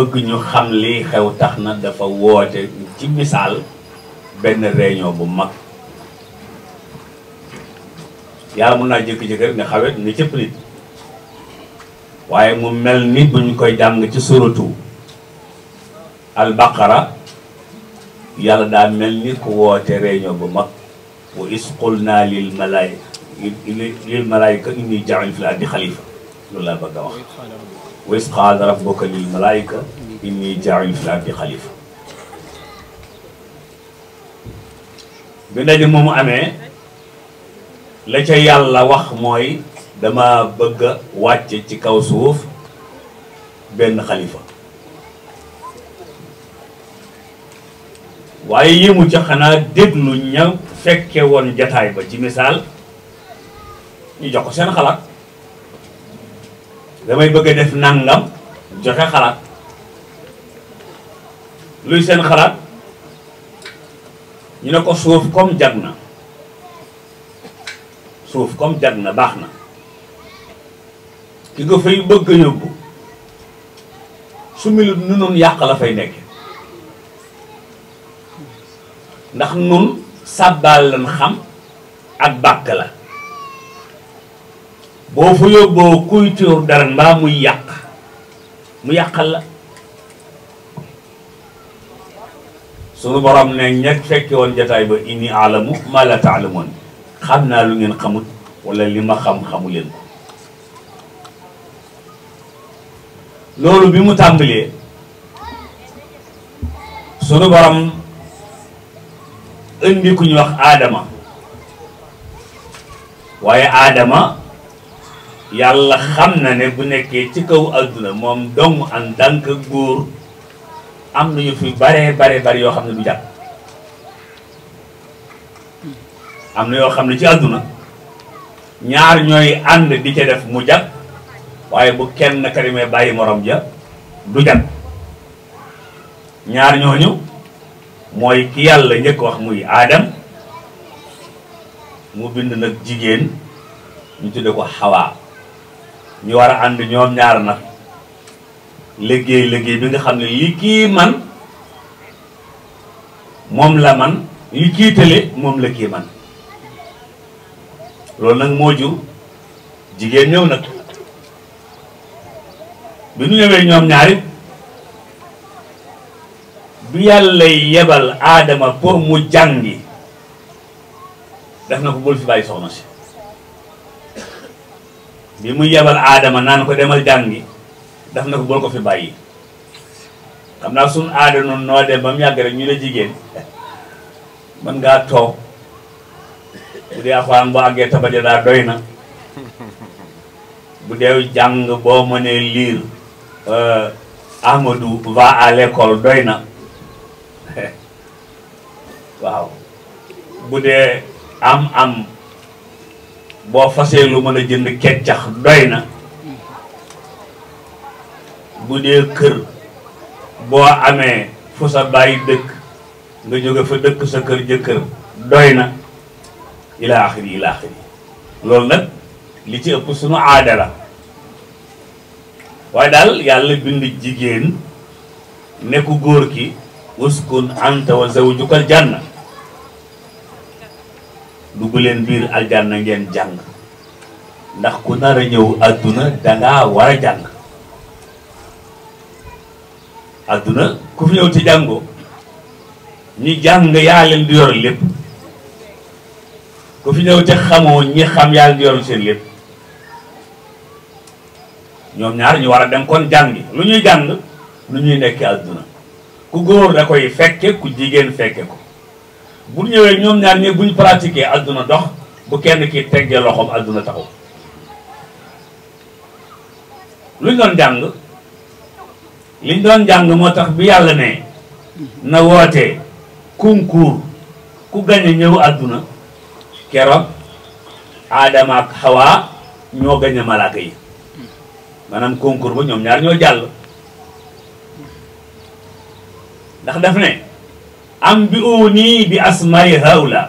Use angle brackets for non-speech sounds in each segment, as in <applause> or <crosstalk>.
bëgg ñu xam lii xew tax na dafa woote ci misaal benn réunion bu mag yàlla mun naa jékki-jékki rek ne xawet ne cëpp nit waaye mu mel ni bu ñu koy jàng ci suratu albaqara yàlla daa mel ni ku woote réunion bu mag wa isqul naa lil malaayika lil malaayika inni jaa'il fil ardi xalifa loolu laa bëgg a wax wa isqaala rabbuka lil malaayika inni jaa'ilun fil ardi xalifa bi ndaje moomu amee la ca yàlla wax mooy dama bëgg a wàcce ci kaw suuf benn xalifa waaye yéemu ca xanaa déglu ña fekke woon jataay ba ci misaal ñu jox ko seen xalaat damay bëgg a def nangam joxe xalaat luy seen xalaat ñu ne ko suuf comme jag na suuf comme jag na baax na ki nga fay bëgg a yóbbu su milut nu nun yàq la fay nekk ndax nun sàbbaal lan xam ak bàkk la boo fa yóbboo kuy tuur dara mbaa muy yàq mu yàqal la sunu borom ne ñeg fekki woon jataay ba inni alamu ma la taalamoon xam naa lu ngeen xamut wala li ma xam-xamu leen ko loolu bi mu tàmbalee sunu borom indi ku ñu wax aadama waaye aadama yàlla xam na ne bu nekkee ci kaw adduna moom dong en tant góor am nañu fi bare bare bari yoo xam ne du jàpp am na yoo xam ne ci àdduna ñaar ñooy ànd di ca def mu jàpp waaye bu kenn karimee bàyyi moroom ja du jàpp ñaar ñooñu mooy ki yàlla njëkk wax muy aadam mu bind nag jigéen ñu tudde ko xawaa ñu war a ànd ñoom ñaar nag liggéey liggéey bi nga xam ne li kii man moom la man li kii tële moom la kii man loolu nag moo ju jigéen ñëw nag bi ñu ñëwee ñoom ñaari bi yàlla yebal aadama pour mu jàngi def na ko bul fi bàyyi soxna si bi mu yebal aadama naan ko demal jàngi daf na ko bul ko fi bàyyi xam naa suñ aada noonu noo dem ba mu yàgg rek ñu ne jigéen mën ngaa toog bu dee alxuraan boo àggee tabaja daa doy na bu dee jàng boo mënee liir euh, Amadou va à lekkool doy na <laughs> waaw bu dee am am boo fasee lu mën a jënd keccax doy na bu kër bo amé fu sa bàyyi dëkk nga jóge fa dëkk sa kër jëkër doyna ila akhir ila akhir lool nak li ci ëpp suñu aada la way dal yalla bind jigen ne ko goor ki uskun anta wa zawjuka aljanna dugg bir aljanna ngeen jang ndax ku nar ñew aduna da nga wara jang àdduna ku fi ñëw te jàngoo ñi jàng yaa leen di yor lépp ku fi ñëw te xamoo ñi xam yaa leen di yor seen lépp ñoom ñaar ñu war a dem kon jàngi lu ñuy jàng lu ñuy nekk àdduna ku góor da koy fekke ku jigéen fekke ko bu ñëwee ñoom ñaar ñi buñ pratiquer àdduna dox bu kenn ki teggee loxoom àdduna taxaw luñ doon jàng liñ doon jàng moo tax bi yàlla ne na woote concours ku gañe ñëw àdduna keroog aadama ak xawaa ñoo gañe malaaka yi maanaam concours ba ñoom ñaar ñoo jàll ndax def ne am bi uunii bi asmay hawla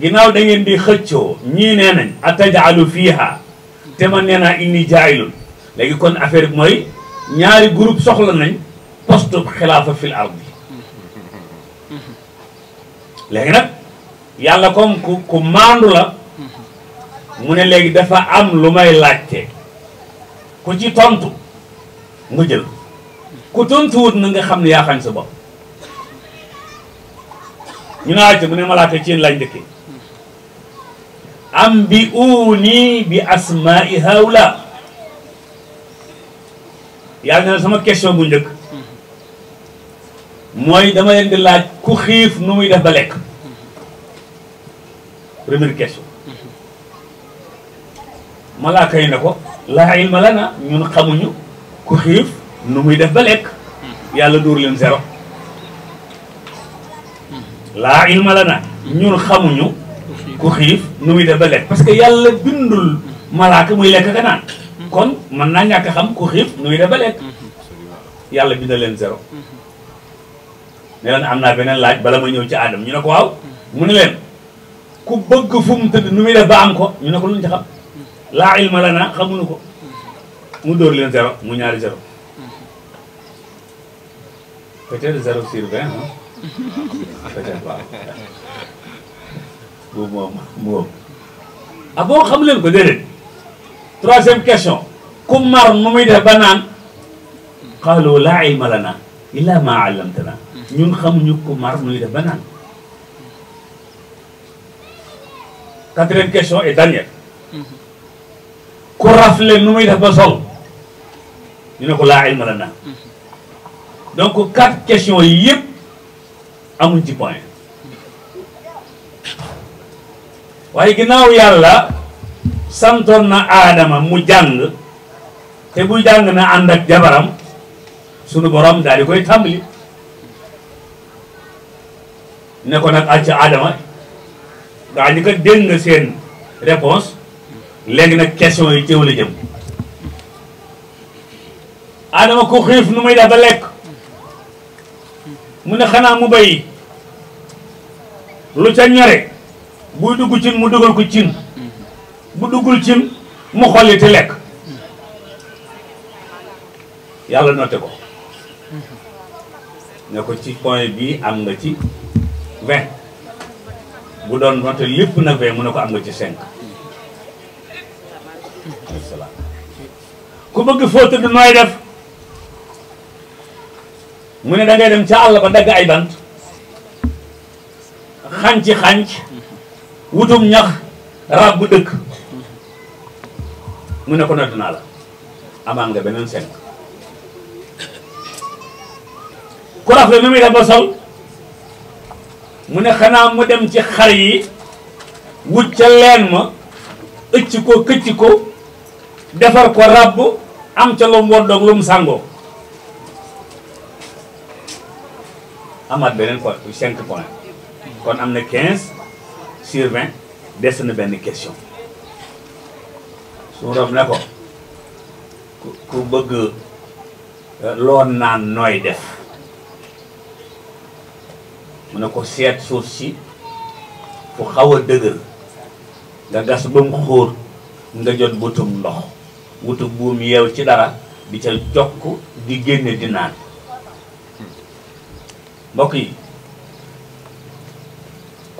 ginnaaw da ngeen di xëccoo ñii nee nañ atajalu fiiha te man nee naa inni jaayilun léegi kon affaire bi mooy ñaari groupe soxla nañ poste xilaafa fil ard bi léegi nag yàlla comme ku ku maandu la mu ne léegi dafa am lu may laajte ku ci tontu nga jël ku tontuwut na nga xam ne yaa xañ sa bopp ñu naajte mu ne malaaka ci yéen laaj njëkkee am bi uuni bi asmaai haula yàlla na sama question bu njëkk mooy dama leen di laaj ku xiif nu muy def ba lekk première question malaaka yi na ko laa ilma lana ñun xamuñu ku nu muy def ba lekk yàlla dóor leen zéro laa ilma lana ñun xamuñu ku xiif nu muy def ba lekk parce que yàlla bindul malaaka muy lekk ka naan kon mën naa ñàkk xam ku xiif nuy de ba lekk yàlla bind leen zéro ne am naa beneen laaj bala ma ñëw ci aadam ñu ne ko waaw mu ne leen ku bëgg fu tëdd nu muy def ba am ko ñu ne ko lu ñu ci xam laa ilma lana xamuñu ko mu dóor leen zéro mu ñaari zéro peut-être zéro sur vingt peut-être waaw boobu moom moom ah boo xam leen ko déedéet troisième question ku mar nu muy def ba naan qaalu laa ilma lana illa ma allamtana ñun xamuñu ku mar nuy def ba quatrième question et dernière ku rafle nu muy def ba sol ñu ne ko laa ilma lana donc quatre questions yi yëpp amuñ ci point waaye ginnaaw yàlla santoon na aadama mu jàng te buy jàng na ànd ak jabaram sunu borom daal di koy tàmbali ne ko nag acca aadama gaa ñi ko dégg seen réponse léegi nag question yi teew la jëm aadama ku xiif nu muy def lekk mu ne xanaa mu bay lu ca ñore buy dugg cin mu dugal ko cin bu duggul cin mu xolli te lekk yàlla noté ko ne ko ci point bii am nga ci vingt bu doon noté lépp na vingt mu ne ko am nga ci cinq salaam ku bëgg foo tëdd nooy def mu ne da dem ca àll ba dagg ay bant xanc xanc wutum ñax rab bu dëkk mu ne ko nag naa la amaat nga beneen cinq kuraaf la nu muy def ba mu ne xanaa mu dem ci xar yi wut ca leen ma ëcc ko këcc ko defar ko ràbb am ca lu mu woddoog lu mu sàngoo amaat beneen ko cinq point kon am na quinze sur vingt des na benn question su rob ne ko ku bëgg loo naan nooy def mu ne ko seet suuf si fu xaw a dëgër nga gas ba mu xóor nga jot butum ndox wutu buum yeew ci dara di ca jokk di génne di naan mbokk yi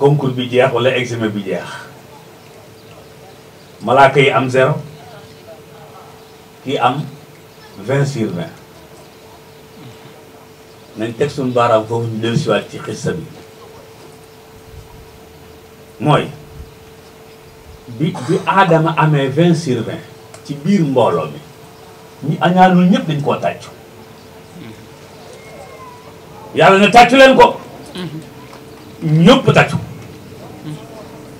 concours bi jeex walla examen bi jeex malaaka yi am zéro kii am vingt sur vingt nañ teg suñu baaraam foofu ñu dellu siwaat ci xissa bi mooy bi bi aadama amee vingt sur ci biir mbooloo mi ñi añaanul ñëpp dañ koo tàccu yàlla ne tàccu leen ko ñëpp tàccu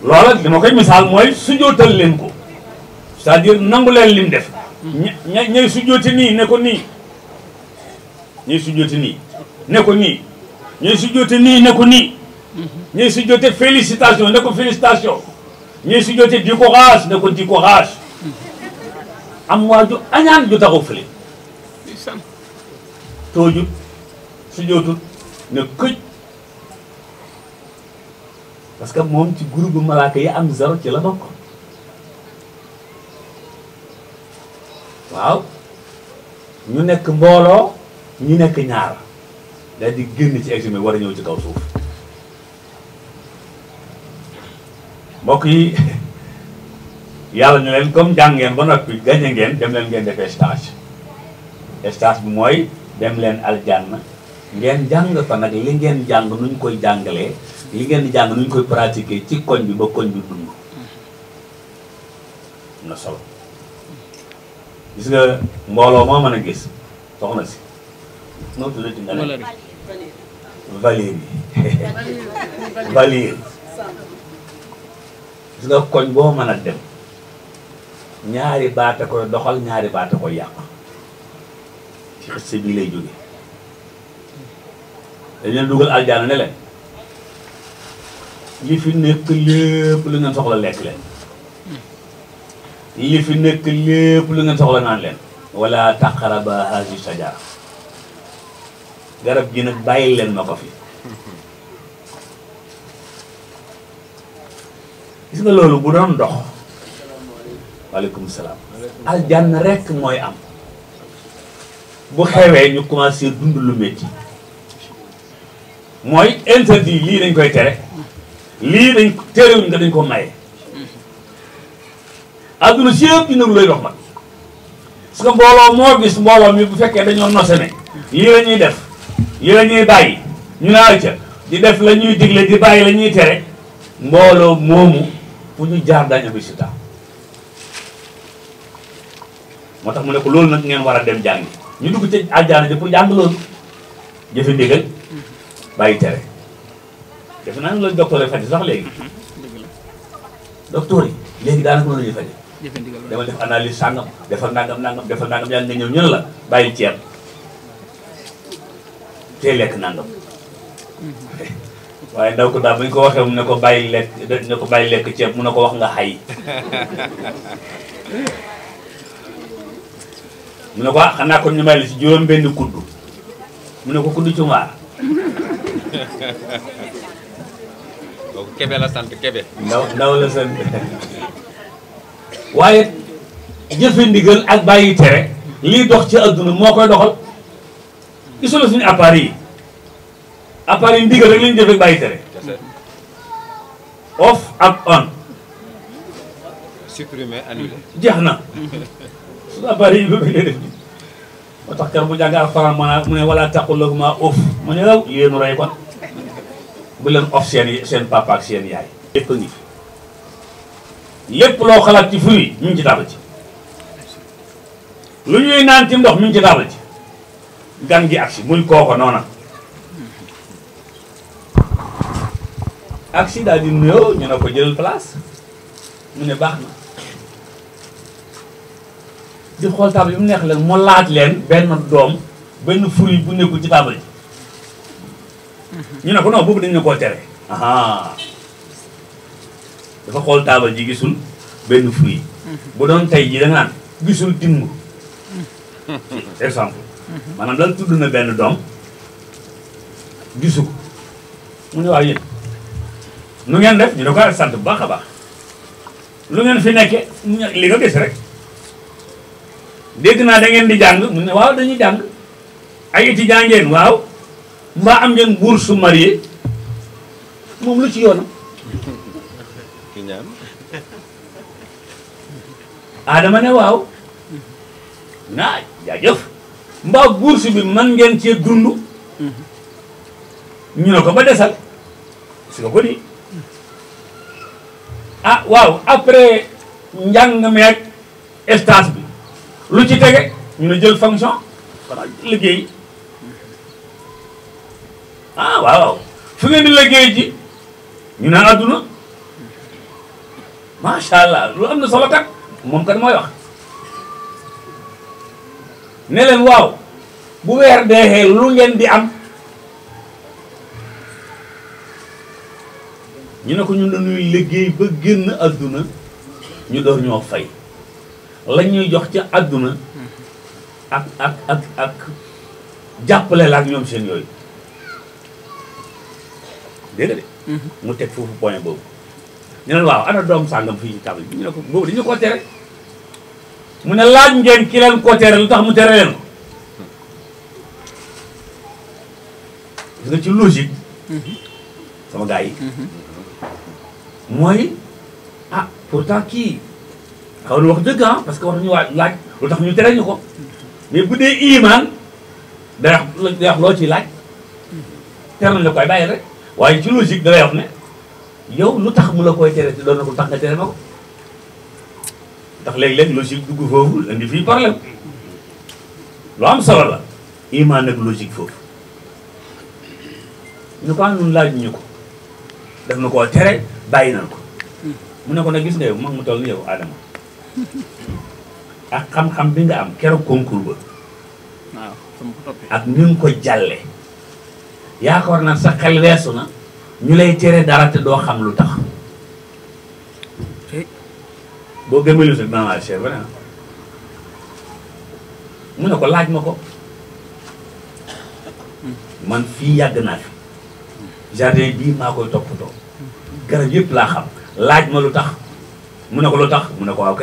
loola li ma koy misaal mooy sujootal leen ko sa à dire nangu leen lim def ña ñay sujjooti nii ne ko nii ñay sujjooti nii ne ko nii ñay sujjooti nii ne ko nii ñay mhm. sujjooti félicitation ne ko félicitation ñay sujjooti di courage ne ko di courage mhm. am waa ju añaan ju taxaw fële toojut sujjootut ne këj parce que moom ci groupe malaaka yi am zéro ci la bokk waaw ñu nekk mbooloo ñu nekk ñaar daal di génn ci examen war a ñëw ci kaw suuf mbokk yi <laughs> yàlla ñu comme jàng ngeen ba noppi gañe ngeen dem leen ngeen defee stage stage bi mooy dem leen aljanna ngeen jàng fa nag li ngeen jàng nuñ koy jàngalee li ngeen di jàng nuñ koy pratiquer ci koñ bi ba koñ bi dund na solo gis nga mbooloo moo mën a gis soxna si noo tuddati nga ne Valérie Valérie gis nga koñ boo mën a dem ñaari baata koy doxal ñaari baata koy yàq ci ëtt bi lay jóge dañ leen dugal aljaana ne leen li fi nekk lépp lu ngeen soxla lekk leen li fi nekk lépp lu ngeen soxla naan leen wala taqaraba hasi sajara garab gi nag bàyyi leen ma ko fi gis nga loolu bu doon dox waaleykum salaam aljanna rekk mooy am bu xewee ñu commencé dund lu métti mooy interdit lii dañ koy tere lii dañ terewuñ nga dañ ko maye adduna si yëpp ci niru lay dox nag parce que mbooloo moo gis mbooloo mi bu fekkee dañoo nose ne lii ñuy def lii la ñuy bàyyi ñu ne ayca di def la ñuy digle di bàyyi la ñuy tere mbooloo moomu fu ñu jaar daañu am résultat moo tax mu ne loolu nag ngeen war a dem jàngi ñu dugg ci àjjana ji pour jàng loolu jëfe ndigal bàyyi tere defe naa loolu docteur yi sax léegi mm-hmm. docteur yi léegi daanaka loolu ñuy faje dama def analyse sàngam defal nangam nangam defal nangam yaa nga ñëw ñun la bàyyi ceeb te lekk nangam mm-hmm. waaye ndaw ko daal bu ko waxee mu ne ko bàyyi lekk ne ko bàyyi lekk ceeb mu ne ko wax nga xay mu ne ko ah xanaa kon ñu may la juróom benn kudd mu ne ko kudd cungaar kooku kebe la sant kebe ndaw ndaw la sant waaye jëfe ndigal ak bàyyi tere liy dox ci adduna moo koy doxal gisula suñu appareil yi appareil yi ndigal rek lañu jëfe bàyyi tere off ak on supprimer jeex na suñu appareil yi boobu def bi tax kar bu jàng alxuraan ma mu ne wala taqul lahuma off ma ne law yéenu rey kon bu leen off seen seen seen yaay yëpp ngi lépp loo xalaat ci fruit mi ci taabal ci lu ñuy naan ci ndox mi ci taabal ci gan gi agsi muy kooko noona agsi daal di nuyoo ñu ne ko jëlal place mu ne baax na di xool taabal yi mu neex leen mu laaj leen benn doom benn fruit bu nekkul ci taabal ji ñu ne ko non boobu dañ ne koo tere. dafa xool taabal ji gisul benn fruit bu doon tey ji da nga naan gisul dimb exemple maanaam lan tudd na benn doom gisu ko mu ne waaw yéen nu ngeen def ñu da ko ah sant bu baax a baax lu ngeen fi nekke li nga gis rek dégg naa da ngeen di jàng mu ne waaw dañuy jàng ay iti jàngeen waaw mbaa am ngeen bourse marié moom lu ci yoonam iñaan <laughs> Adama ne waaw naa jaajëf mbaa bourse bi man ngeen cee dund mhm. ñu ne ko ba desal si nga ko di ah waaw après njàng meeg stage bi lu ci tege ñu ne jël fonction xanaa liggéey ah waaw fu ngeen di liggéey ji ñu ne àdduna macha allah lu am na solo kat moom kat mooy wax neleen waaw bu weer deexee lu ngeen di am ñu ne ko ñun dañuy liggéey ba génn àdduna ñu door ñoo fay lañ ñuy jox ci àdduna ak ak ak jàppale la ak ñoom seen yooyu dégg nga de mhm. mu teg foofu point boobu ñu ne waaw ana doom sàngam fii ci table bi ñu ko boobu dañu ko tere mu ne laaj ngeen ki leen ko tere lu tax mu tere leen ko gis nga ci logique sama gars yi mooy ah pourtant kii xaw wax dëgg ah parce que war nañu waa laaj lu tax ñu tere ñu ko mais bu dee iman day wax day loo ci laaj tere nañ la koy bàyyi rek waaye ci logique da lay wax ne yow lu tax mu la koy tere te doon na ko tax nga tere ma ko ndax léeg-léeg logique dugg foofu indi fii problème lu am solo la iman ak logique foofu ñu ko am nun laaj ñu ko daf na koo tere bàyyi nan ko mu ne ko nag gis nga yow mag mu toll ni yow Adama ak xam-xam bi nga am keroog concours ba waaw ak ni nga ko jàlle yaakaar naa sa xel weesu na ñu lay tere dara te doo xam lu tax eh. boo gëmëlu sa maam Cheikh vraiment mu ne ko laaj ma ko man fii yàgg naa fi jardin bii maa koy toppatoo garab yëpp laa xam laaj ma lu tax mu ne ko lu tax mu ne ko waaw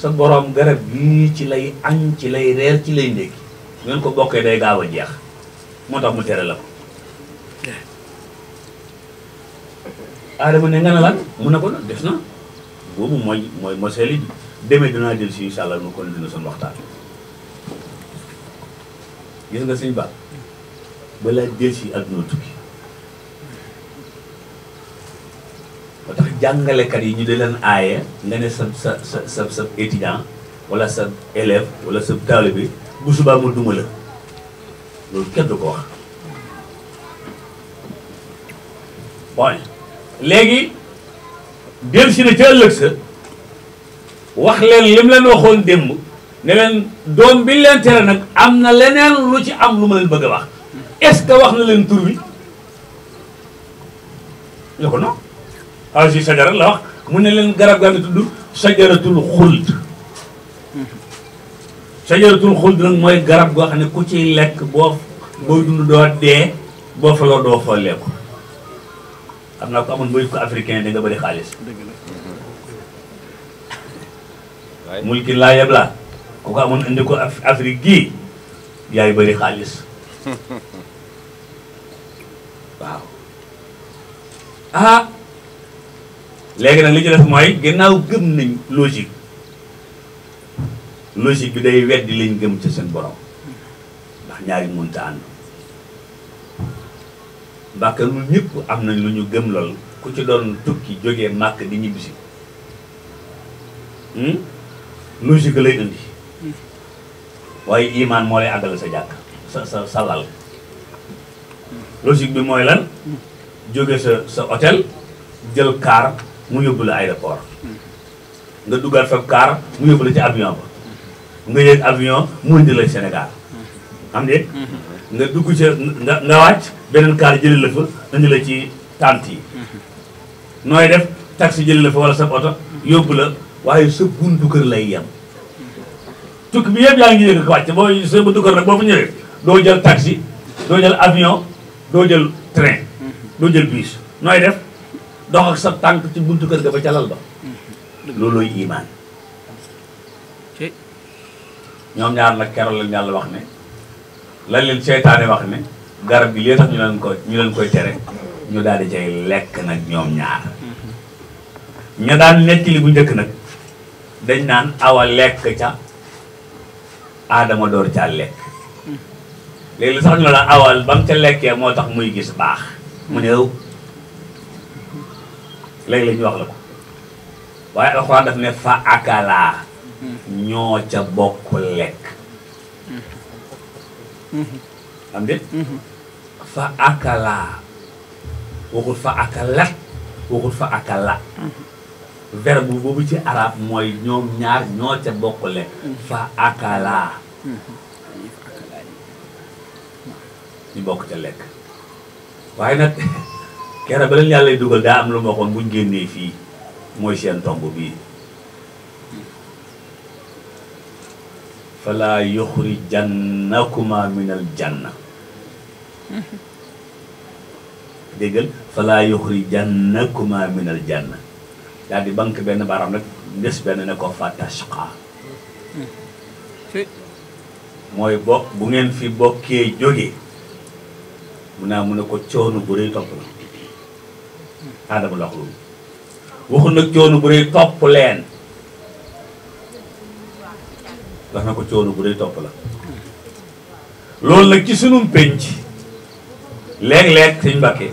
sa boroom garab gii ci lay añ ci lay reer ci lay ndékki ngeen ko bokkee day gaaw a jeex moo tax mu tere la ko aadama ne nga ne lan mun na ko nag des na boobu mooy mooy mooy seeli demee dinaa jël si incha allah nu ko dina suñu waxtaan gis nga sëñ Ba balaa jël si àdduna tukki moo tax jàngalekat yi ñu di leen aaye nga ne sa sa sa sa sa étudiant wala sa élève wala sa taalibe bu subaa mu duma la loolu kenn ko wax léegi del si na ca ëllëg sa wax leen lim leen waxoon démb ne leen doom bi leen tere nag am na leneen lu ci am lu ma leen bëgg a wax est-ce que wax na leen tur bi ñu ko non ah si sajara la wax mu ne leen garab gaa ngi tudd sajaratul xuld sajaratul xuld nag mooy garab goo xam ne ku ci lekk boo booy dund doo dee boo faloo doo follee ko am naa ko amoon muy ko africain da nga bëri xaalis. mulki laa yeblaa ku ko amoon indi ko Afrique gii yaay bëri xaalis <laughs> waaw ah na nag li ñu def mooy gannaaw gëm nañ logique logique bi day weddi lañ gëm ci seen borom ndax ñaari mënta Mbàkke ñun ñëpp am nañ lu ñu gëm lool ku ci doon tukki jógee màkk di ñibbisi logique hmm? lay indi waaye imaan moo lay àggale sa jàkk sa sa sa lal bi mooy lan jóge sa sa hôtel jël kaar mu yóbbu la aéroport nga duggaat fa kaar mu yóbbu la ci avion ba nga yéeg avion mu indi Sénégal xam de nga dugg ca nga nga wàcc beneen kaar jëlee la fa indi la ci tànt yi mhm. nooy def taxi jëlee la fa wala sa oto yóbbu la waaye sa buntu kër lay yem tukki bi yëpp yaa ngi yëg ko wàcc boo sa buntu kër nag boo fa doo jël taxi doo jël avion doo jël train mhm. doo jël bus def dox sa tànk ci buntu kër ga ba calal ba mhm. loolooy imaan ñoom ñaar nag keroog lañu yàlla wax ne lan leen seytaane wax né garab bi lii tax ñu lan ko ñu lan koy téré ñu daal di cay lekk nag ñoom ñaar ñu daan nettali bu ñëk nak dañ naan awa lekk ca adama door caa lekk léegi sax ñu la awal bam ca lekkee mo tax muy gis baax mu ne ëw léegi ñu wax la ko waaye alxuraan daf né fa akala ñoo ca bokku lek Mm-hmm. am déet mm-hmm. fa akalaa waxul fa akalat waxul fa akala mm-hmm. verbe boobu ci arab mooy ñoom ñaar ñoo ca bokk lekk fa akalaa ñu bokk ca lekk waaye nag <laughs> keroog ba leen yàlla dugal daa am lu ma waxoon buñ génnee fii mooy seen tomb bii falaa yuxrijannakuma minal janna déggal falaa yuxrijannakuma minal janna daal di banque benn baaraam rek des benn ne ko fa tashqa mooy bokk bu ngeen fi bokkee jóge mun naa mun ne ko coono bu rëy topp la aadama loxlu waxu nag coono bu rëy topp leen ndax na ko coono bu dee topp la loolu nag ci sunum pénc léeg-léeg sëñ Mbàkke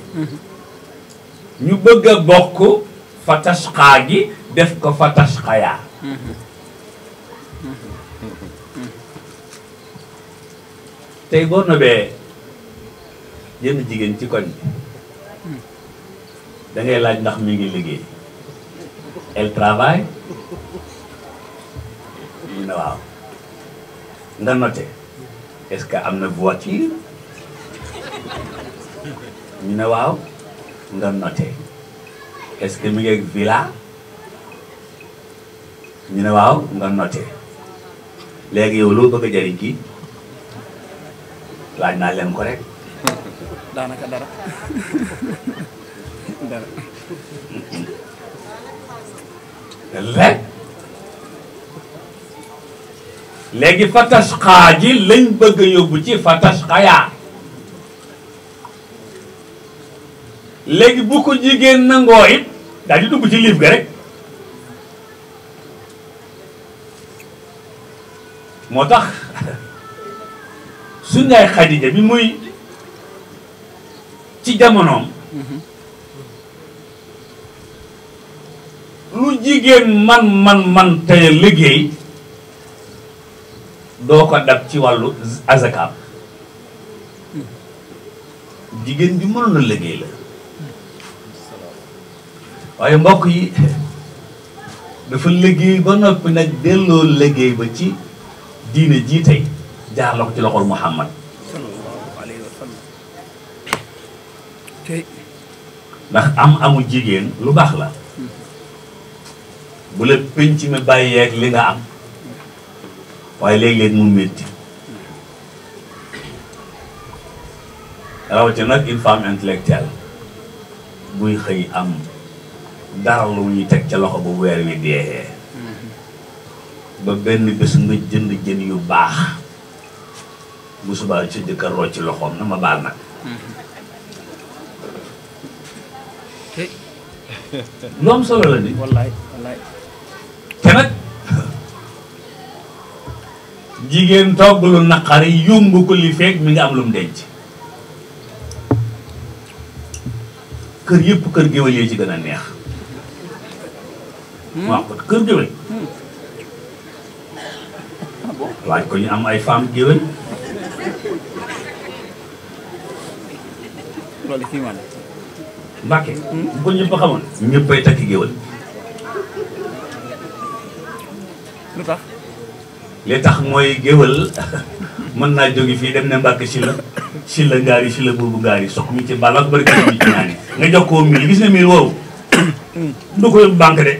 ñu bëgg a bokk fatasxaa gi def ko fatasxayaa tey boo nobee yenn jigéen ci koñ bi da laaj ndax mi ngi liggéey elle travaille mu ne waaw na noté est-ce que am na voiture ñu ne waaw nga noté est-ce que mi ngi ak villa ñu ne waaw nga noté léegi yow loo bëgg a jariñ kii laaj naa leen ko rek daanaka dara dara rek léegi fatashqaa ji lañ bëgg a yóbbu ci fatashqayaa léegi bu ko jigéen nangoo it daal di ci liif ga rek moo tax <laughs> su ngay xadija bi muy ci jamonoom lu jigéen man man man tey liggéey doo ko dab ci wàllu azakaam jigéen bi mënoon a la waaye mbokk yi dafa liggéey ba noppi nag delloo liggéey ba ci diine jii tey jaar la ko ci loxol Muhammad ndax am amul jigéen lu baax la bu la penc mi bàyyeeg li nga am waaye léegi léeg mu métti rawatina nag une intellectuelle buy xëy am dara lu ñuy teg ca loxo bu weer wi dee ba benn bés nga jënd jën yu baax bu subaa sa jëkkër rocc loxoom na ma baal nag <laughs> lu am solo la di jigéen togg lu naqari yómb ko li feeg mi ngi am lu mu denc kër yëpp kër géwél yee ci gën a neex hmm? waaw kër géwél waaj hmm. ah ko am ay femme géwél Mbàkke hmm? bu ko ñëpp xamoon ñëppay takki géwél li tax mooy géwal mën naa jóge fii dem ne Mbàkke si la si la ngaar yi si la boobu ngaar yi soq mi ci bàll ak barke mi ci naan nga jox ko mil gis na mil woowu du ko banque de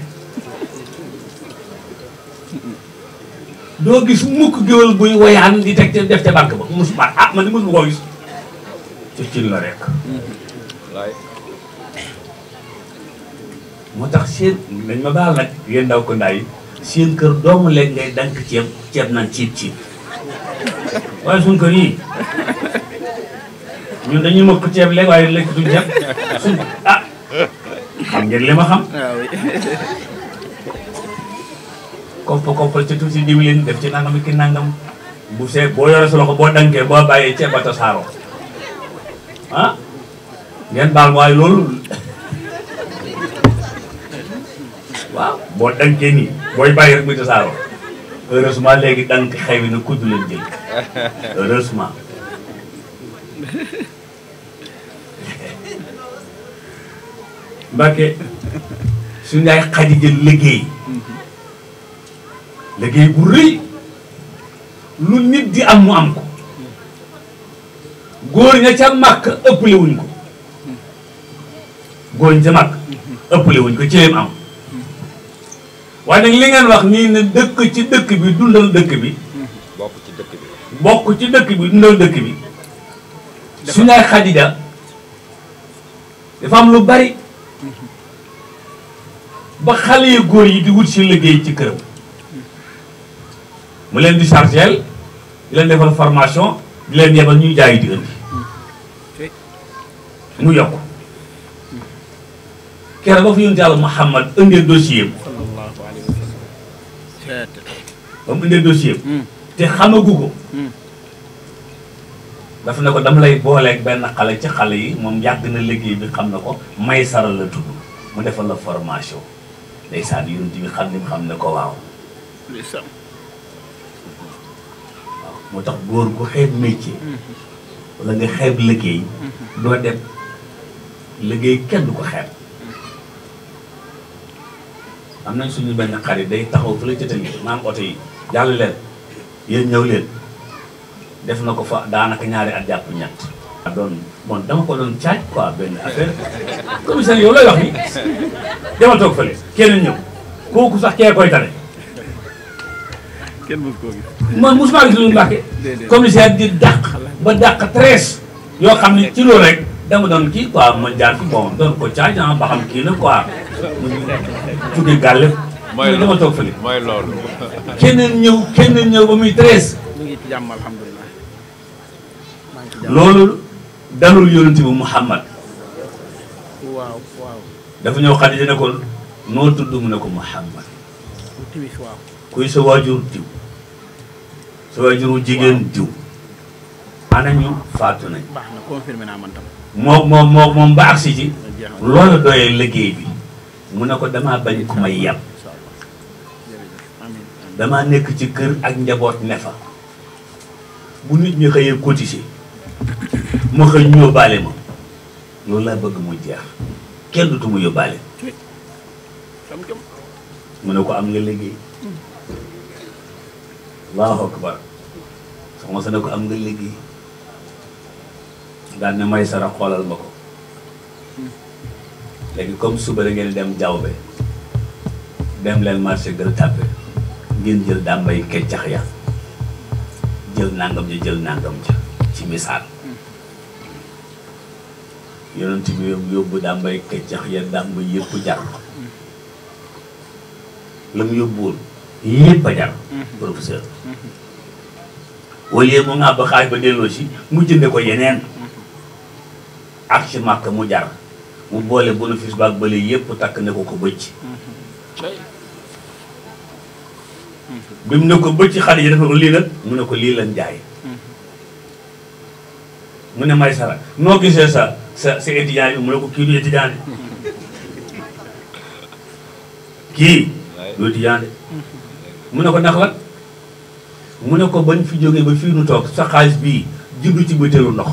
doo gis mukk géwal buy woyaan di def ca banque ba musuma ah man di musuma koo gis ci cin la rek moo tax seen nañ ma baal nag yéen ndaw ko yi seen kër doomu léeg ngay dank ceeb ceeb naan ciib ciib waaye suñ kër yi ñun dañuy mëkk ceeb léeg waaye lekk duñ ceeb ah xam ngeen li ma xam kopp koppal ci tuuti diwlin def ci nangam ki nangam bu see boo yore sa loxo boo dankee boo bàyyee ceeb ba tasaaroo ah ngeen baal waaye loolu waaw boo dankee nii booy bàyyi rek muy tasaaroo heureusement léegi dànk xew yi na kudd leen jël heureusement Mbàkke suñu yaay xaji jël liggéey liggéey bu rëy lu nit di am mu am ko góor ña ca màkk ëpple wuñ ko góor ña ca màkk ëpple wuñ ko ci am waaye nag li ngeen wax nii ne dëkk ci dëkk bi dundal dëkk bi. bokk ci dëkk bi. bokk ci dëkk dundal dëkk bi. su ñaay Xadija dafa am lu bari ba xale yu góor yi di wut si liggéey ci këram mu leen di chargeel di leen defal formation di leen yebal ñuy jaayi diggante hmm. mu yokk keroog ba fi yónni yàlla Muhammad indee dossier ba mu indee te xamagu ko hmm. dafa ne ko dama lay booleek benn xale ci xale yi moom yàgg na liggéey bi xam na ko may saral la tudd mu defal la formation ndeysaan yonent bi xam ni xam ne ko waaw waaw moo tax góor gu xeeb métier hmm. wala nga xeeb liggéey hmm. doo dem liggéey kenn du ko xeeb am nañ suñu benn xarit day taxaw fu la jëtali maam oto yi jàll leen yéen ñëw leen def na ko fa daanaka ñaari at jàpp ñett a doon bon dama ko doon caaj quoi benn commissaire yow lay wax ni demal toog fële keneen ñëw kooku sax kee koy tane kenn mos koo gis man mosuma gis commissaire di dàq ba dàq treize yoo xam ne ci loolu rek dama doon kii quoi ma jaar ci bon doon ko caaj ah, ba xam kii la quoi mu jóge gàlle mooy loolu dama toog fële. mooy loolu. keneen ñëw keneen ñëw ba muy treize. mu loolu dalul yonent bi Muhammad. dafa ñëw Xadija ne ko noo tudd mu ne ko Muhammad. kuy sa waajur diw. sa waajuru jigéen diw. maanaam ñu faatu nañ. baax na confirmé naa man tam. moom ba agsi ci. loolu doyee liggéey bi. mu ne ko damaa bañ ku may yàpp. damaa nekk ci kër ak njaboot ne fa bu nit ñu xëyee cotiser ma xëy ñu yóbbaale ma loolu laa bëgg mu jeex kenn dutu mu yóbbaale mu ne ko am nga léegi allahu akbar soxna sa ne ko am nga liggéey daan may sara xoolal ma ko léegi comme suba la ngeen dem jawbe dem leen marché gën a tàppe ngeen jël dambay keccax ya jël nangam ja jël nangam ja ci misaal yonent bi yóbbu dambay keccax ya dàmb yëpp jar lam yobul yóbbuwoon jar professeur mo nga ba xay ba delo ci mu jinde ko yenen ak ci màkk mu jar mu boole ba ak bële yëpp tak ne ko ko becc bi mu ne ko ba ci xale yi dafa lii la mu ne ko lii lañ jaay mu ne may sara noo gisee sa sa sa étudiant bi mu ne ko kii du étudiant de kii du étudiant de mu ne ko nax lan mu ne ko bañ fi jógee ba fii nu toog sa xaalis bii jublu ci butéelu ndox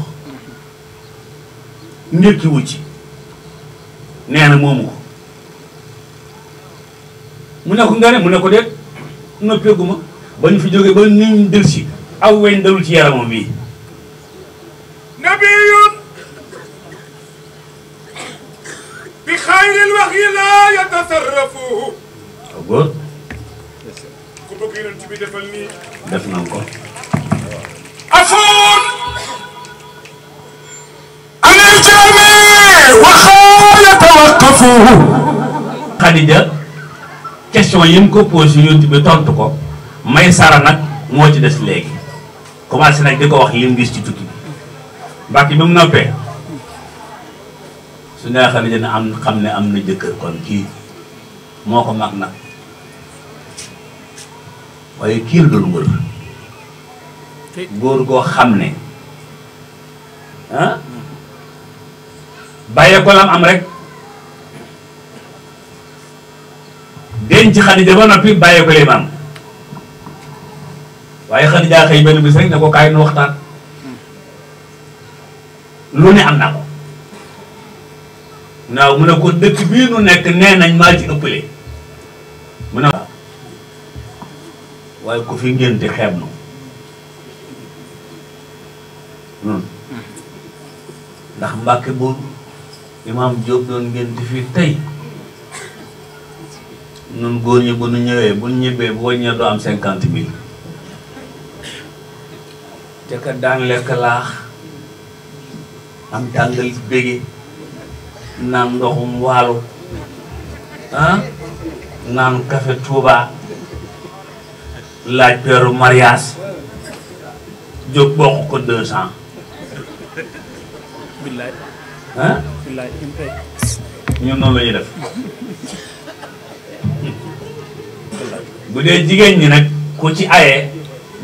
ndékki wu ci nee moomu ko mu ne ko nga ne mu ne ko déet noppeeguma ba ñu fi jógee ba niñ dël si aw weñ dalul ci yaramam wi nabiyun bi xayril wax yi laa yatasarrafu aw góor ku bëgg yonent bi defal nii def nan ko afoon anil jaami waxaala tawaqqafu xadija question yi mu ko posé yonent bi tontu ko may sara nag moo ci des léegi commencé nag di ko wax li mu gis ci tukki bi bi mu noppee su nga xam am xam ne am na jëkkër kon kii moo ko mag nag waaye kii la doon wër góor goo xam ne ah, bàyyee ko lam am rek denc Xadija ba noppi bàyyee ko limaam waaye Xadija xëy benn bis rek ne ko kaay nu waxtaan lu ne am na ko naaw mu ne ko dëkk bii nu nekk nee nañ maa ci ëppale mu ne waaye ku fi ngénte xeeb nu hmm. ndax Mbàkke boobu imaam Jóob doon ngénte fii tey ñun góor ñi bu ñu ñëwee bu ñu ñibbee boo ñëwee doo am cinquante mille jëkka daan lekk laax am tàngal bége naan ndoxum waalu ah naan café Touba laaj peeru mariage jóg bokk ko deux cent ah ñu noonu la def bu dee jigéen ñi nag ku ci aye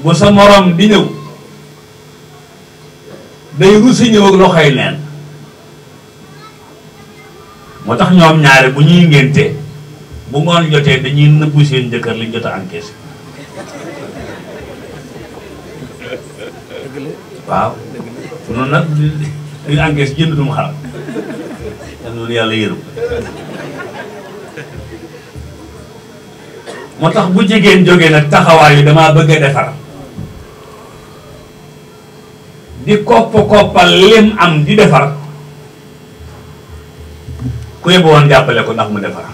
bu sa morom di ñëw day rusi ñëw ak loxoy neen moo tax ñoom ñaare bu ñuy ngénte bu ngoon jotee dañuy nëbbu seen jëkkër liñ jot a encaissé waaw fu noonu nag dañu encaissé jënd dum xaar noonu yàlla yërëm motax bu jigen joge nak taxaway dama bëgg défar defar di kopp-koppal lim am di defar ku yëpp won jappalé ko ndax mu défar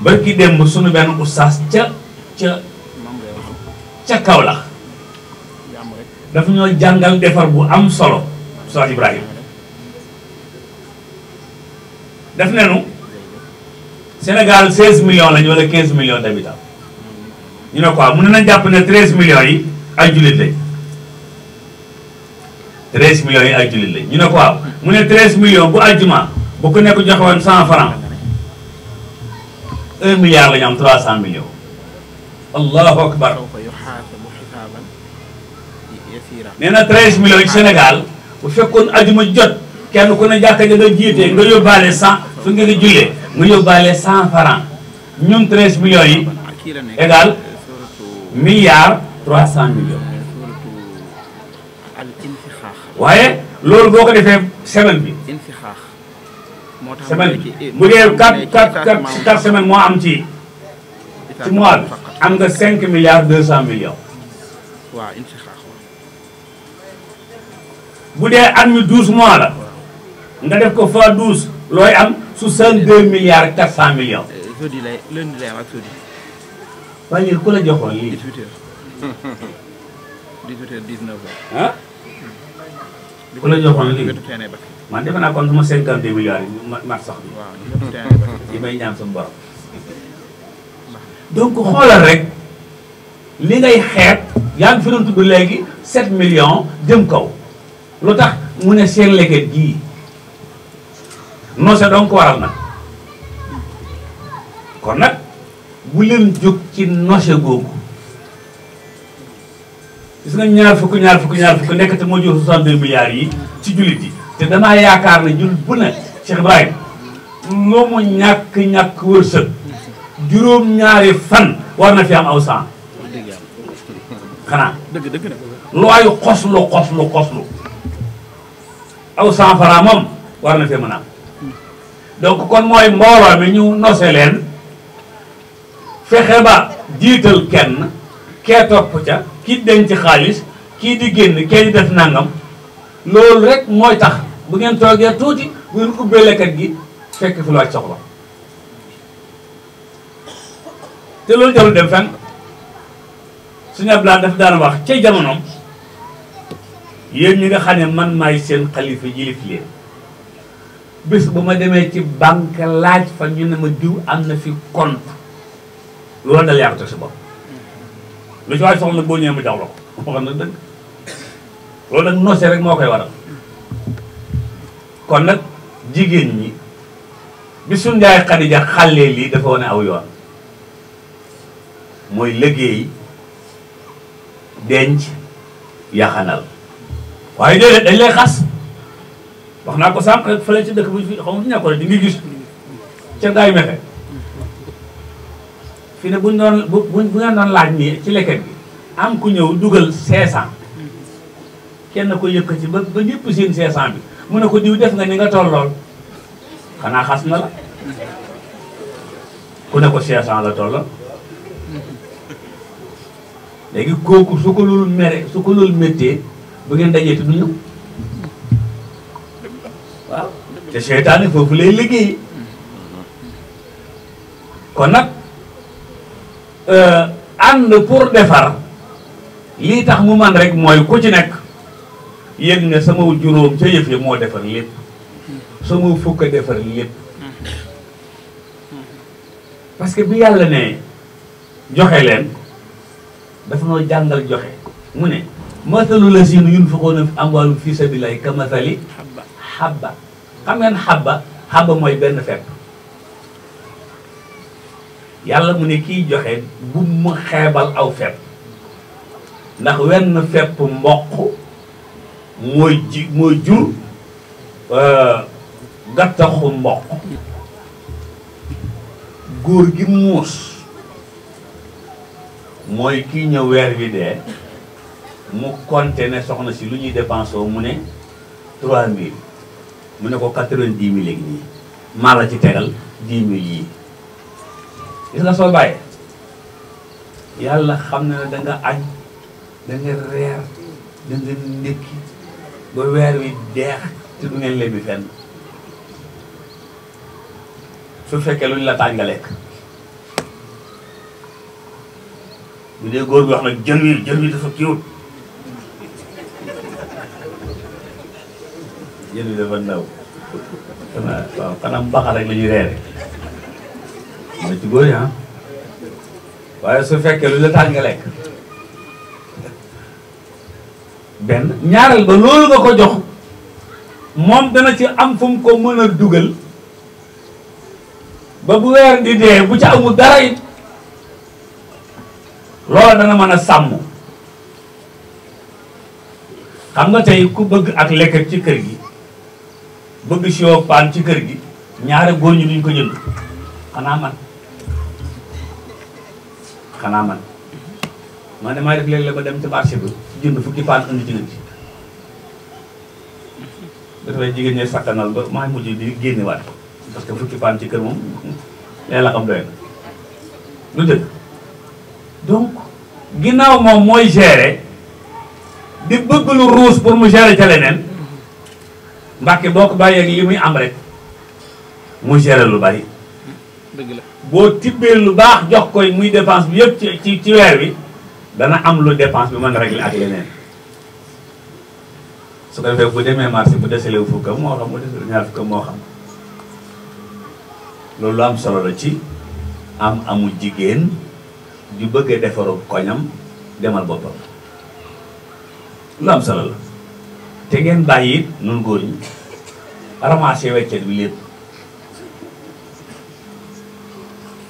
barki démb sunu ben oustaz ca ca ca kaw daf ñoo jangal defar bu am solo ustaas ibrahim daf nenu Sénégal 16 millions lañ wala 15 millions d'habitants ñu ne quoi mën nañ jàpp ne 13 millions yi ay jullit lañ 13 millions yi ay jullit lañ ñu ne quoi mu ne 13 millions bu àjjuma bu ko nekk joxe woon 100 francs 1 milliard la ñu am 300 millions. allahu akbar nee na 13 millions ci Sénégal bu fekkoon àjjuma jot kenn ku ne jàkka ja nga jiite nga yóbbaale 100 fu ngeen di jullee. nga yóbbaale cent franc ñun treize millions yi égal milliard trois cent millions waaye loolu boo ko defee semaine bi semaine bi bu dee quatre quatre quatre semaines moo am ci ci mois bi am nga cinq milliards deux cent millions bu dee at mi douze mois la nga def ko fois douze looy am 62 milliards 400 millions. jeudi lay lundi lay am ak jeudi. waaye yéen ku la joxoon lii. 18 <laughs> ku la joxoon lii man defe kon su ma 52 milliards mat sax <laughs> li may ñaan suñu borom. donc xoolal rek li ngay xeet yaa ngi fi doon tudd léegi jëm kaw lu tax mu ne seen leket gii. nose donc waral na kon nag bu leen jóg ci nose googu gis nga ñaar fukk ñaar fukk ñaar fukk nekk te moo jur 62 milliards yi ci jullit yi te danaa yaakaar ne jul bu ne Cheikh loo mu ñàkk ñàkk wërsëg juróom-ñaari fan war na fi am aw sant xanaa dëgg dëgg xoslu xoslu xoslu aw sant fara moom war na fi mën am donc kon mooy mbooloo mi ñu nose leen fexe ba jiital kenn kee topp ca kii ci xaalis kii di génn kee di def nangam loolu rek mooy tax bu ngeen toogee tuuti bu ngeen ubbee lekkat gi fekk fi loo soxla te loolu jarul dem fenn suñu abdaan daf daan wax ca jamonoom yéen ñi nga xam ne man maay seen xalifa jilif leen bés bu ma demee ci banque laaj fa ñu ne ma diw am na fi compte loolu dal yàqte si bopp lu ci waay soxla boo ñëwee mu jox la ko na dëgg loolu rek moo koy waral nag jigéen ñi bi suñ yaay Xadija xàllee lii dafa wane aw yoon mooy léggéey denc yaxanal waaye déedéet dañ lay xas wax naa ko sànq rek fële ci dëkk bu fi xaw ma fi ñàkk rek di ngi gis ca daay mexe fi ne buñ doon bu bu ngeen doon laaj nii ci lekket bi am ku ñëw dugal 500 kenn ko yëkkati ba ba ñëpp seen 500 bi mu ne ko diw def nga ni nga tollool xanaa xas na la ku ne ko 500 la tollool léegi kooku su ko loolu mere su ko loolu méttee bu ngeen dajee te du te seytaane foofu lay liggéey kon nag euh, ànd pour defar lii tax mu man rek mooy ku ci nekk yëg nga sama juróom ca yëf moo defar lépp sama fukk defar lépp parce que bi yàlla ne joxe leen dafa noo jàngal joxe mu ne masalu la siin yunfiquuna amwaalahum fi sabilillahi ka masali habba xam haba haba mooy benn fepp yàlla mu ne kiy joxe bu mu xeebal aw fepp ndax wenn fepp mboq mooy ji mooy jur euh, gattaxu mboq góor gi muus mooy kii ñëw weer bi dee mu konte ne soxna si lu ñuy dépensé mu ne 3000 mu ne ko quatre-vingt-dix mille léegi nii maa la ci tegal diimi mille yii gis nga soo bàyyee yàlla xam na ne da nga añ da nga reer da nga ba weer wi deex te du ngeen lebi fenn su fekkee lu ñu la taaj nga lekk bu dee góor bi wax nag jën wi jën wi dafa kiiwut jënd dafa ndaw xanaa waaw xanaa mbaxal rek la reere mooy ci góor yi ah. waaye su fekkee lu la tax nga lekk benn ñaareel ba loolu nga ko jox moom dana ci am fu ko mën a dugal ba bu weer di dee bu ci amul dara loola dana mën a sàmm xam nga tey ku bëgg ak lekk ci kër gi bëgg siyoog paan ci kër gi ñaari góor ñi duñ ko jënd xanaa man xanaa man man damaa def léeg-léeg ba dem ci marché bi jënd fukki paan andi jigéen ci dafay jigéen ñooy fattanal ba maa ngi mujj di génnewaat parce que fukki paan ci kër moom leen la xam doy na lu dëgg donc ginnaaw moom mooy gérer di bëgg lu ruus pour mu gérer ca leneen mbàkke bok baye ak li am rek mu géré lu bari bo tibé lu bax jox koy muy dépense bi yépp ci ci ci bi dana am lu dépense bi man régler ak lénen su ko defee bu démé marché bu lew fukka mo xam bu déssé ñaar fukka mo xam lolu am solo la ci am amu jigen, di bëgg a koñam demal bopam lu am solo la te ngeen bàyyi it nun góor ñi ramasser weccet bi lépp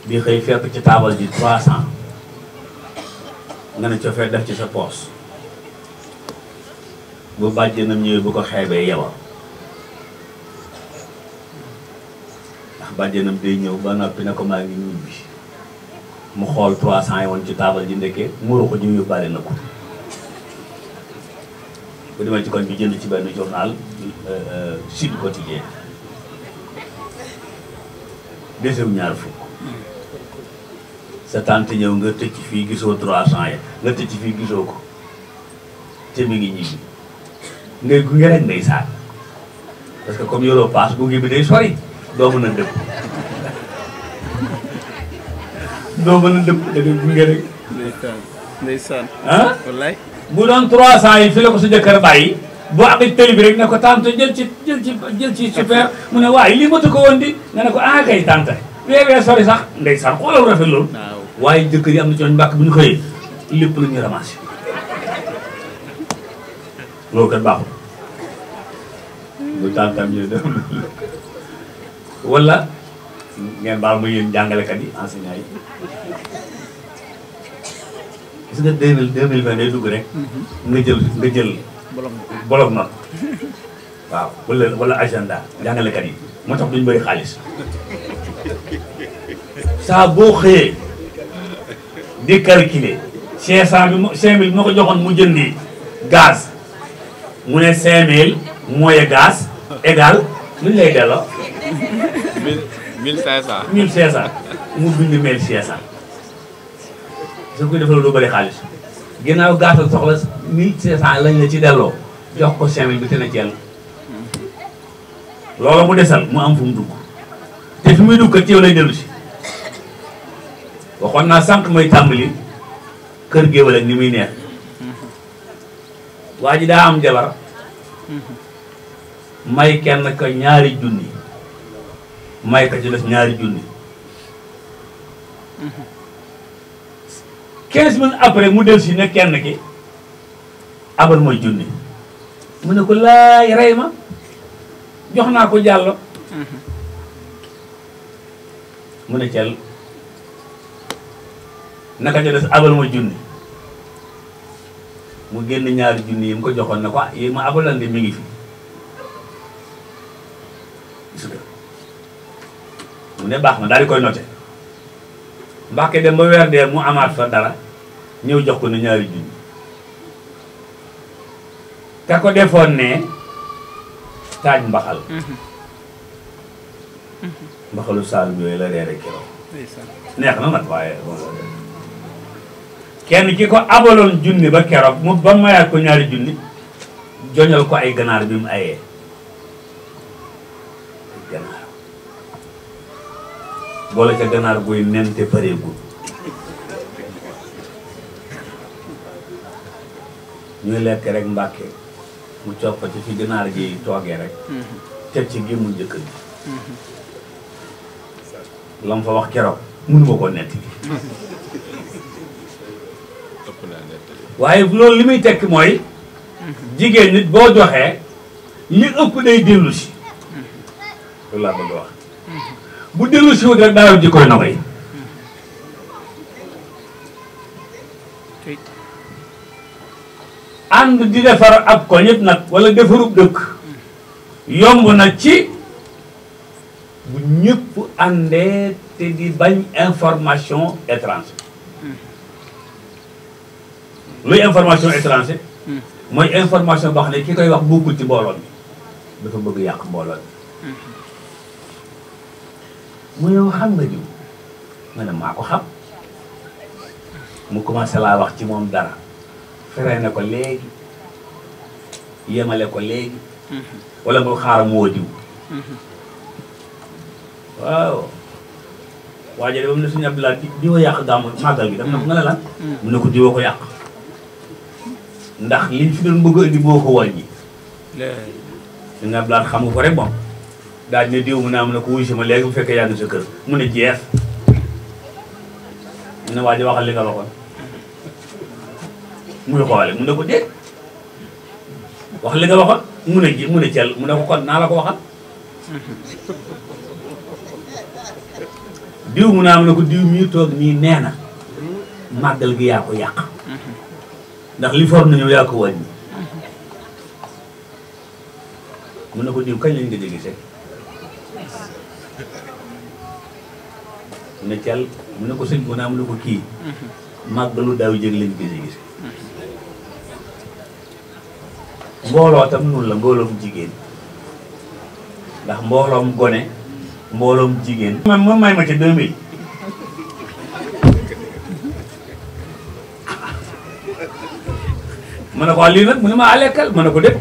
di xëy fekk ci taabal ji trois cent nga ne cofee def ci sa poos bu bàjjënam ñëwee bu ko xeebee yebal ndax bàjjënam day ñëw ba noppi ne ko maa ngi ñibbi mu xool trois cent yi woon ci taabal ji ndekkee muru ko ñu yóbbaale na ko bu demee ci koñ bi jënd ci benn journal euh, Sud Quotidien deuxième ñaar fukk sa tante ñëw nga tëcc fii gisoo trois cent ya nga tëcc fii gisoo ko te mi ngi ñibbi ngay gunge rek ngay saag parce que comme yoroo paas gunge bi day sori doo mën a dëpp doo mën a dëpp da ngay rek ndeysaan ndeysaan ah wallaay bu doon 300 yi fi la ko sa jëkkër bàyyi boo ak tëli bi rek ne ko tante jël ci jël ci jël ci super mu ne waaye lii matu ko woon di nga ne ko ah kay tante weer weer sax ndey sax xoolal rafet lool waaye jëkkër yi am na ci bu ñu xëyee lépp lu ñuy ramassé loolu baax baaxul bu tantam ñu def wala ngeen baal ma yéen jàngalekat yi enseignant yi gis nga deux mille deux mille vingt day dugg rek. Mhm. nga jël nga jël. bolog na waaw wala wala agenda jàngalekat yi moo tax duñ bëri xaalis saa boo xëyee di calculer cinq cent bi cinq mille moo ko joxoon mu jëndi gaz mu ne cinq mille mooy gaz égal luñ lay delloo mille cinq cent mille mu bind mille cinq da koy defal lu bëri xaalis ginnaaw gaatal soxla 1500 lañ la ci delloo jox ko 5000 bi te na jël loolu mu desal mu am fu dugg te fi muy dugg kat ci lay dellu si waxoon naa sànq may tàmbali kër géwél ak ni muy neex waa ji daa am jabar may kenn ko ñaari junni may ka ci des ñaari junni quinze minutes après mu del si ne kenn ki abal mooy junni mu ne ko laay rey ma jox naa ko jàll mu ne cel naka ca des abal ma junni mu génn ñaari junni yi ko joxoon ne ko ah ma de mi ngi fi gis nga mu ne baax na daal di koy noté mbàkke dem ba weer dee mu amaat fa dara ñëw jox ko ne ñaari junni ka ko defoon ne taaj mbaxal mhm. Mhm. mbaxalu saalum yooyu la reere keroog neex na nag waaye kenn ki ko abaloon junni ba keroog mu mayaat ko ñaari junni joñal ko ay ganaar bi mu ayee ganaar boole ca ganaar buy nen te pareegul ñuy lekk rek mbàkke mu coog ko ci fi ginaar gi toogee rek teg ci gémmuñ jëkk ji la mu fa wax keroog mënuma ko nett bi waaye loolu li muy tekki mooy jigéen nit boo joxee li ëpp day dellu si loolu laa bëgg wax bu dellu si wut daaw ji na koy and di defar ab koñit nak wala defarub dekk yomb na ci bu ñepp andé té di bañ information étranger lu information étranger moy information boo xam ki koy wax bokkul ci mbooloo bi dafa bëgg yaq mbooloo bi mu yow xam nga jiw mané mako xam mu commencé la wax ci mom dara feree na ko léegi yemale ko léegi wala mu xaaral mu woo diw waaw waajo de ba mu ne suñu abdoulaye diwa yàq gàmm màggal gi daf na ko nga la lan mu ne ko diwa ko yàq ndax liñ fi doon bëgg indi moo ko wàññi suñu abdoulaye xam nga ko rek moom daal ne diw mu ne am na ko wuy si léegi bu fekkee yaa ngi sa kër mu ne jeex mu ne waajo waxal li nga waxoon muy xool mun na ko déet wax li nga mu mun a ji mun a mun na ko kon naa la ko waxal diw mu naa am na ko diw mii toog nii nee na màggal gi yaa ko yàq ndax li for nañu yaa ko wàññi mun na ko diw kañ lañ nga jëgi see mu ne cel mu ne ko sëñ mu naa am na ko kii màggalu daaw jëg lañ ko jëgi see mbolo tam nun la mu jigen ndax mbooloom gone mbooloom jigéen man moom may ma ci 2000 ma ko lii nak mu ma alekal ma ko def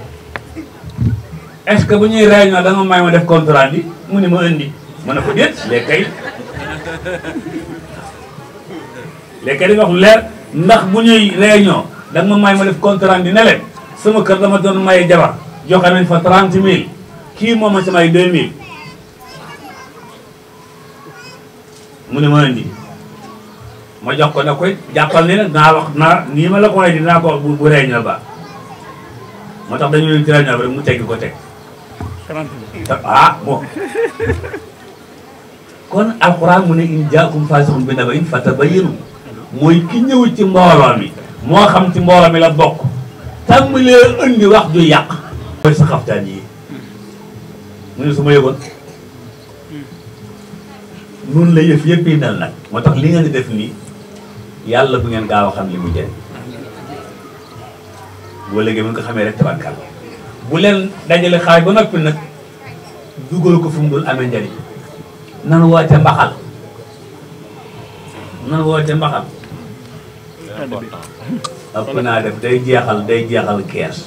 est ce bu ñuy réunion da nga may ma def contrat bi mu ne ma andi ma ko déet léegi kay léegi kay nga xul leer ndax bu ñuy réunion da nga may ma def contrat bi ne sama kër dama doon may jabar joxe nañ fa trente mil kii moom ma samay may deux mu ne ma indi ma jox ko ne koy jàppal ni nag naa wax naa nii ma la ko waxee dinaa ko wax bu bu réunion ba moo tax dañu ne ci réunion ba rek mu teggi ko ah, mu ne in fa faasiqun bi naba'in fatabayyanu mooy ki ñëw ci mbooloo mi moo xam ci mbooloo mi la bokk tàmbalee indi wax ju yàq mooy sa xaftaan yi mu ne su ma yëgoon nun la yëf yëpp yi mel nag moo tax li ngeen di def nii yàlla bu ngeen gaaw a xam li mu jëriñ boo léegi mun ko xamee rek tabarkal bu leen dajale xaay ba noppi nag dugal ko fu mu dul amee njariñ nan woote mbaxal nan woote mbaxal important <laughs> ëpp naa def day jeexal day jeexal kees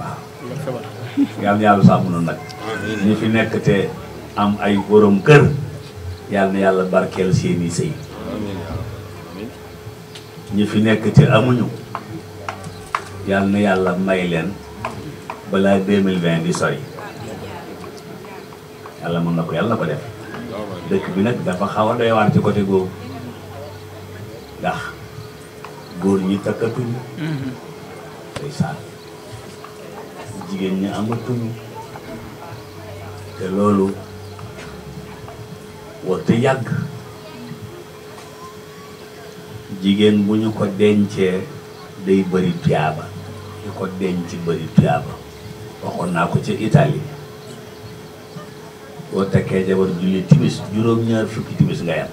waaw yal na yàlla sàmm nag ñi fi nekk te am ay borom kër yal yàlla barkeel seeni sëy ñi fi nekk te amuñu yal na yàlla may leen balaa 2020 di sori yàlla mën na ko yàlla na ko def dëkk bi nag dafa xaw a doy waar ci côté googu ndax góor ñi takkatuñu mhm. day saan jigéen ñi amatuñu te loolu warta yàgg jigéen bu ñu ko dencee day bëri tuyaaba ñu ko denc bëri tuyaaba waxoon naa ko ci Italie boo takkee jabar julli timis juróom-ñaar fukki timis nga yam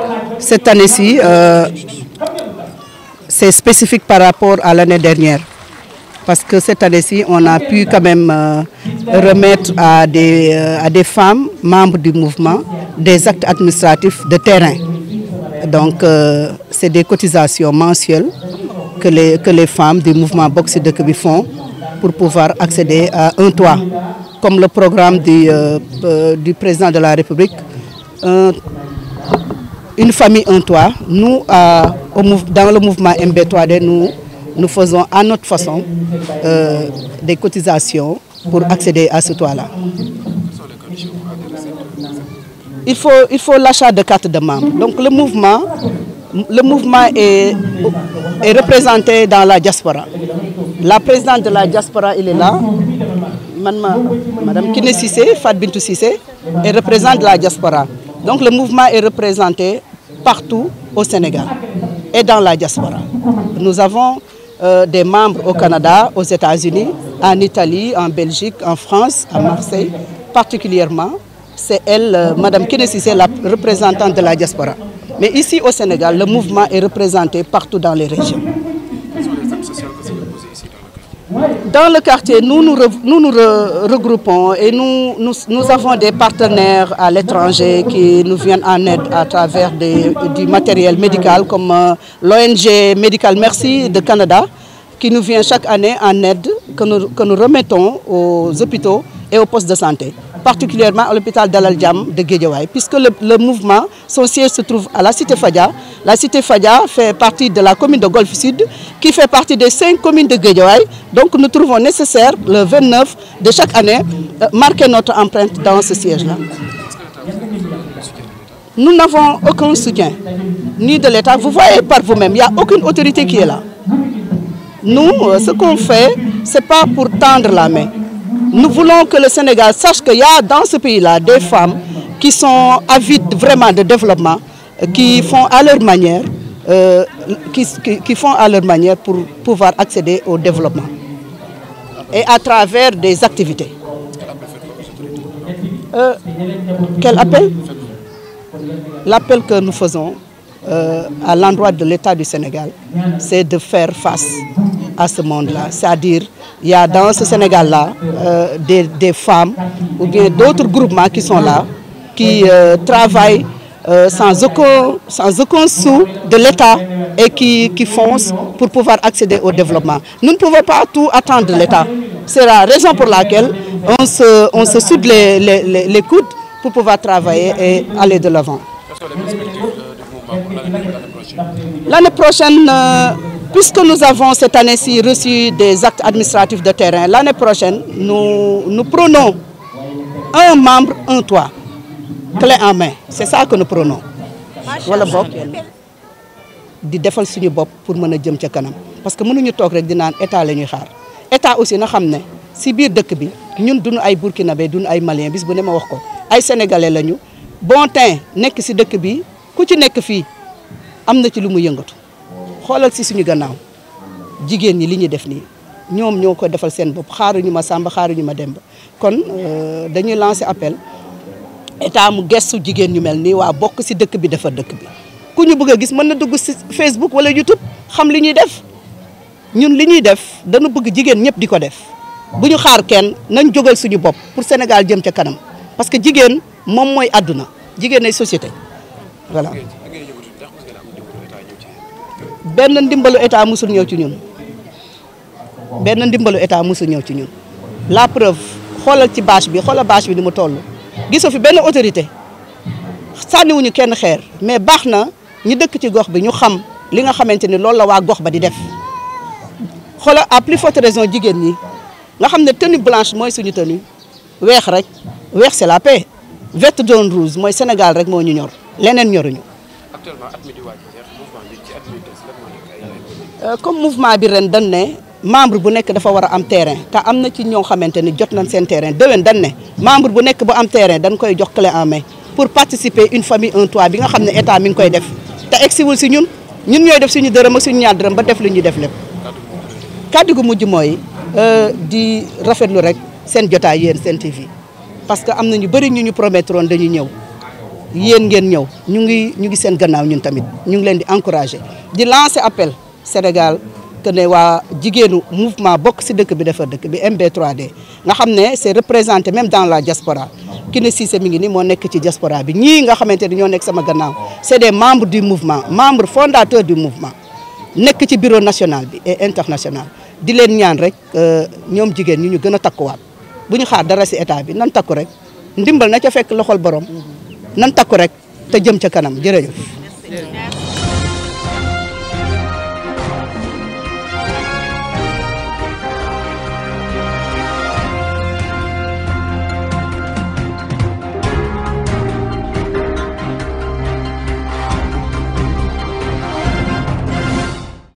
cette année-ci, euh, c'est spécifique par rapport à l'année dernière. Parce que cette année-ci, on a pu quand même euh, remettre à des, euh, à des femmes membres du mouvement des actes administratifs de terrain. Donc, c'est des cotisations mensuelles que les, que les femmes du mouvement Boxe de Kaby font pour pouvoir accéder à un toit. Comme le programme du, du président de la République, un une famille, en toit. Nous, euh, dans le mouvement MB3D, nous, faisons à notre façon euh, des cotisations pour accéder à ce toit-là. Il faut il faut l'achat de cartes de membres. Donc le mouvement le mouvement est, représenté dans la diaspora. La présidente de la diaspora, elle est là. Madame Kine Sissé, Fat Sissé, elle représente la diaspora. Donc le mouvement est représenté partout au Sénégal et dans la diaspora. Nous avons euh, des membres au Canada, aux États-Unis, en Italie, en Belgique, en France, à Marseille particulièrement. C'est elle, euh, Madame Kinesis, c'est la représentante de la diaspora. Mais ici au Sénégal, le mouvement est représenté partout dans les régions. Dans le quartier, nous nous, regroupons et nous, avons des partenaires à l'étranger qui nous viennent en aide à travers du matériel médical comme euh, l'ONG Médical Merci de Canada qui nous vient chaque année en aide que nous, que nous remettons aux hôpitaux et aux postes de santé particulièrement à l'hôpital Dalal de Guédiawaye, puisque le, mouvement, son siège se trouve à la cité Fadia. La cité Fadia fait partie de la commune de Golfe Sud, qui fait partie des cinq communes de Guédiawaye. Donc nous trouvons nécessaire, le 29 de chaque année, euh, marquer notre empreinte dans ce siège-là. Nous n'avons aucun soutien, ni de l'État. Vous voyez par vous-même, il n'y a aucune autorité qui est là. Nous, euh, ce qu'on fait, ce n'est pas pour tendre la main. Nous voulons que le Sénégal sache qu'il y a dans ce pays-là des femmes qui sont avides vraiment de développement, euh, qui font à leur manière, euh, qui, font à leur manière pour pouvoir accéder au développement et à travers des activités. Euh, quel appel L'appel que nous faisons à l'endroit de l'État du Sénégal, c'est de faire face ce monde-là. C'est-à-dire, il y a dans ce Sénégal-là euh, des, femmes ou bien d'autres groupements qui sont là, qui euh, travaillent euh, sans, aucun, sans sou de l'État et qui, qui foncent pour pouvoir accéder au développement. Nous ne pouvons pas tout attendre de l'État. C'est la raison pour laquelle on se, on se soude les, les, les, coudes pour pouvoir travailler et aller de l'avant. L'année prochaine, Puisque nous avons cette année-ci reçu des actes administratifs de terrain, l'année prochaine, nous, nous prenons un membre, un toit, clé en main. C'est ça que nous prenons. Voilà, Bob. di defal suñu fait pour mën jëm ci kanam parce que mënuñu tok rek di nan état lañuy xaar état aussi na xamné ne biir dëkk bi ñun duñu ay burkinabé duñu ay malien bis bu ne ma wax ko ay sénégalais lañu bon temps nekk si dëkk bi ku ci nek fi amna ci lu mu xolal si suñu gannaaw jigen ni li ñu def ni ñom ñoko defal seen bop xaaruñu ma Samba xaaruñu ma kon euh, dañuy lancer appel état mu gessu jigen ñu melni wa bok ci si dëkk bi dafa dëkk bi ku ñu bëgg gis mëna dugg si Facebook wala YouTube xam li ñuy def ñun li ñuy def dañu bëgg jigen ñëpp diko def buñu xaar kenn nañ jógal suñu bop pour Sénégal jëm ci kanam parce que jigen mom moy aduna jigen ay société voilà benn ndimbalu état musul ñëw ci ñun benn ndimbalu état musul ñëw ci ñun la preuve xoolal ci bâche bi xoolal bâche bi ni mu toll gisoo fi benn autorité sànniwuñu kenn xeer mais baax na ñu dëkk ci gox bi ñu xam li nga xamante ni loolu la waa gox ba di def xoolal à plus forte raison jigéen ñi nga xam ne tenue blanche mooy suñu tenue weex rek weex c'est la paix verte jaune rouge mooy Sénégal rek moo ñu ñor leneen ñoruñu Euh, comme mouvement bi ren dañ membre bu un dafa terrain ta amna ci ño xamanteni jot nañ terrain dañ membre bu nek bu am terrain dañ koy jox clé en main pour participer une famille un toit bi nga xamné état mi ngi koy def si ñun ñun ñoy def suñu deureum ak suñu ñaar ba def li ñu def kaddu gu mujj euh di rafetlu rek sen jota yeen TV parce que amna ñu bëri ñu ñu promettre dañu ñëw yeen ngeen ñëw ñu ngi ñu ngi sen gannaaw ñun tamit ñu ngi encourager di lancer appel. Sénégal que ne waa jigéenu mouvement bok si deuk bi defa deuk bi MB3D nga xamné c'est représenté même dans la diaspora qui Kiné Cissé mi ngi nii moo nekk ci diaspora bi ñii nga xamante ne ñoo nekk sama gannaaw c'est des membres du mouvement membres fondateurs du mouvement nek ci bureau national bi et international di len ñaan rek euh, ñom jigen ñi ñu gëna takku takkuwaat buñu xaar dara ci état bi nan takku rek ndimbal na ca fekk loxol borom nan takku rek te jëm ci kanam jërëjëf